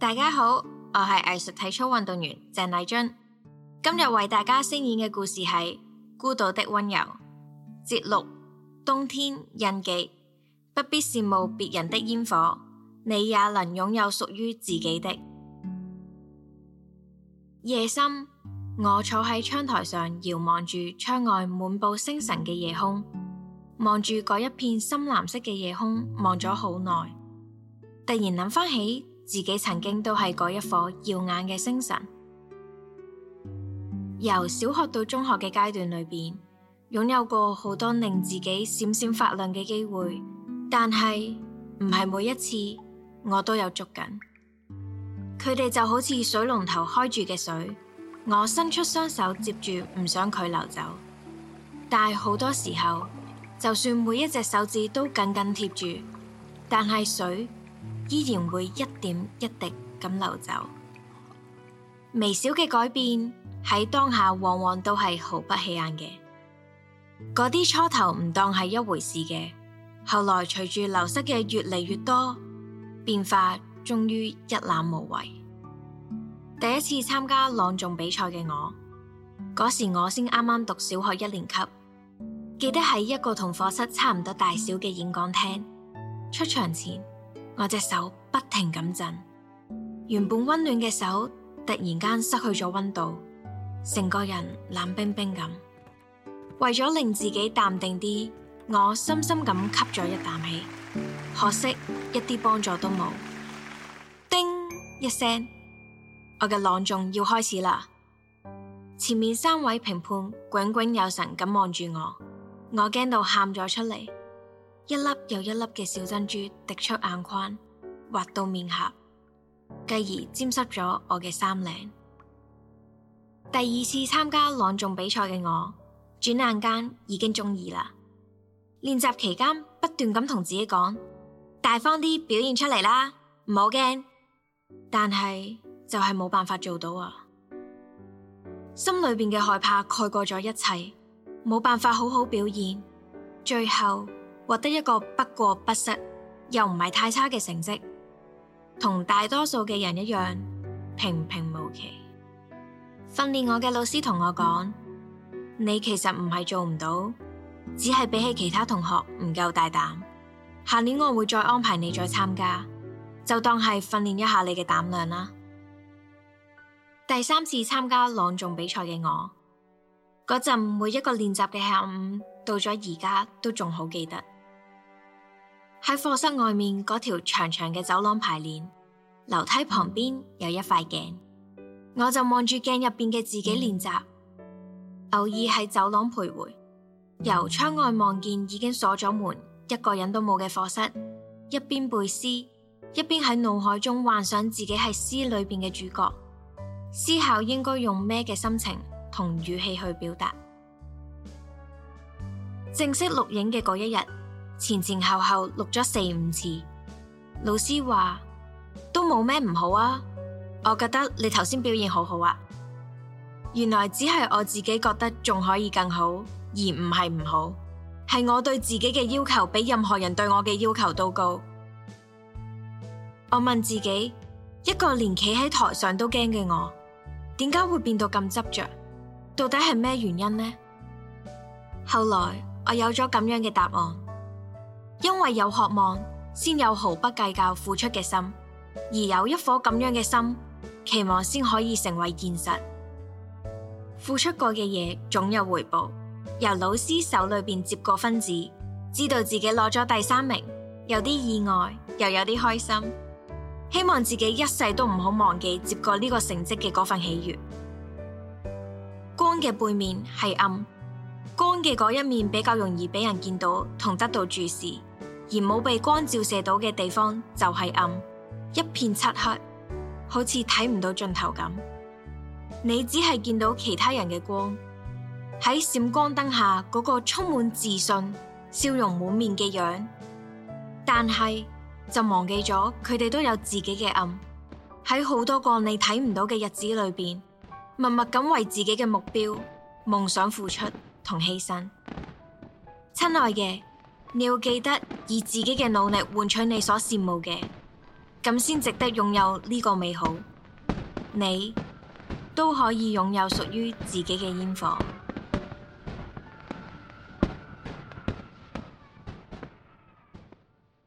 大家好，我係藝術體操運動員鄭勵臻。今日為大家聲演嘅故事係《孤島的溫柔》，節錄《冬天印記》。不必羨慕別人的煙火，你也能擁有屬於自己的。夜深，我坐喺窗台上，遙望住窗外滿佈星辰嘅夜空，望住嗰一片深藍色嘅夜空，望咗好耐。突然諗返起。自己曾經都係嗰一顆耀眼嘅星辰，由小學到中學嘅階段裏邊，擁有過好多令自己閃閃發亮嘅機會。但係唔係每一次我都有捉緊，佢哋就好似水龍頭開住嘅水，我伸出雙手接住，唔想佢流走。但係好多時候，就算每一隻手指都緊緊貼住，但係水，依然會一點一滴咁流走，微小嘅改變喺當下往往都係毫不起眼嘅。嗰啲初頭唔當係一回事嘅，後來隨住流失嘅越嚟越多，變化終於一覽無遺。第一次參加朗誦比賽嘅我，嗰時我先啱啱讀小學一年級，記得喺一個同課室差唔多大小嘅演講廳，出場前……我隻手不停咁震，原本溫暖嘅手突然間失去咗溫度，成個人冷冰冰咁。為咗令自己淡定啲，我深深咁吸咗一啖氣，可惜一啲幫助都冇。叮一聲，我嘅朗誦要開始啦！前面三位評判炯炯有神咁望住我，我驚到喊咗出嚟。一粒又一粒嘅小珍珠滴出眼眶，滑到面頰，繼而沾濕咗我嘅衫領。第二次參加朗誦比賽嘅我，轉眼間已經中二啦。練習期間不斷咁同自己講：大方啲，表現出嚟啦，唔好驚。但係就係冇辦法做到啊！心裏邊嘅害怕蓋過咗一切，冇辦法好好表現，最後，獲得一個不過不失又唔係太差嘅成績，同大多數嘅人一樣平平無奇。訓練我嘅老師同我講，你其實唔係做唔到，只係比起其他同學唔夠大膽。下年我會再安排你再參加，就當係訓練一下你嘅膽量啦。第三次參加朗誦比賽嘅我，嗰陣每一個練習嘅下午，到咗而家都仲好記得。喺課室外面嗰條長長嘅走廊排練，樓梯旁邊有一塊鏡，我就望住鏡入邊嘅自己練習，偶爾喺走廊徘徊，由窗外望見已經鎖咗門，一個人都冇嘅課室，一邊背詩，一邊喺腦海中幻想自己係詩裏邊嘅主角，思考應該用咩嘅心情同語氣去表達。正式錄影嘅嗰一日。前前後後錄咗四五次，老師話都冇咩唔好啊。我覺得你頭先表現好好啊，原來只係我自己覺得仲可以更好，而唔係唔好。係我對自己嘅要求比任何人對我嘅要求都高。我問自己，一個連企喺台上都驚嘅我，點解會變到咁執着？到底係咩原因呢？後來我有咗咁樣嘅答案。因為有渴望，先有毫不計較付出嘅心，而有一顆咁樣嘅心，期望先可以成為現實。付出過嘅嘢總有回報。由老師手裏邊接過分子，知道自己攞咗第三名，有啲意外，又有啲開心。希望自己一世都唔好忘記接過呢個成績嘅嗰份喜悅。光嘅背面係暗，光嘅嗰一面比較容易俾人見到同得到注視。而冇被光照射到嘅地方就係暗，一片漆黑，好似睇唔到盡頭咁。你只係見到其他人嘅光喺閃光燈下嗰個充滿自信、笑容滿面嘅樣，但係就忘記咗佢哋都有自己嘅暗。喺好多個你睇唔到嘅日子裏邊，默默咁為自己嘅目標、夢想付出同犧牲。親愛嘅。你要記得以自己嘅努力換取你所羨慕嘅，咁先值得擁有呢個美好。你都可以擁有屬於自己嘅煙火。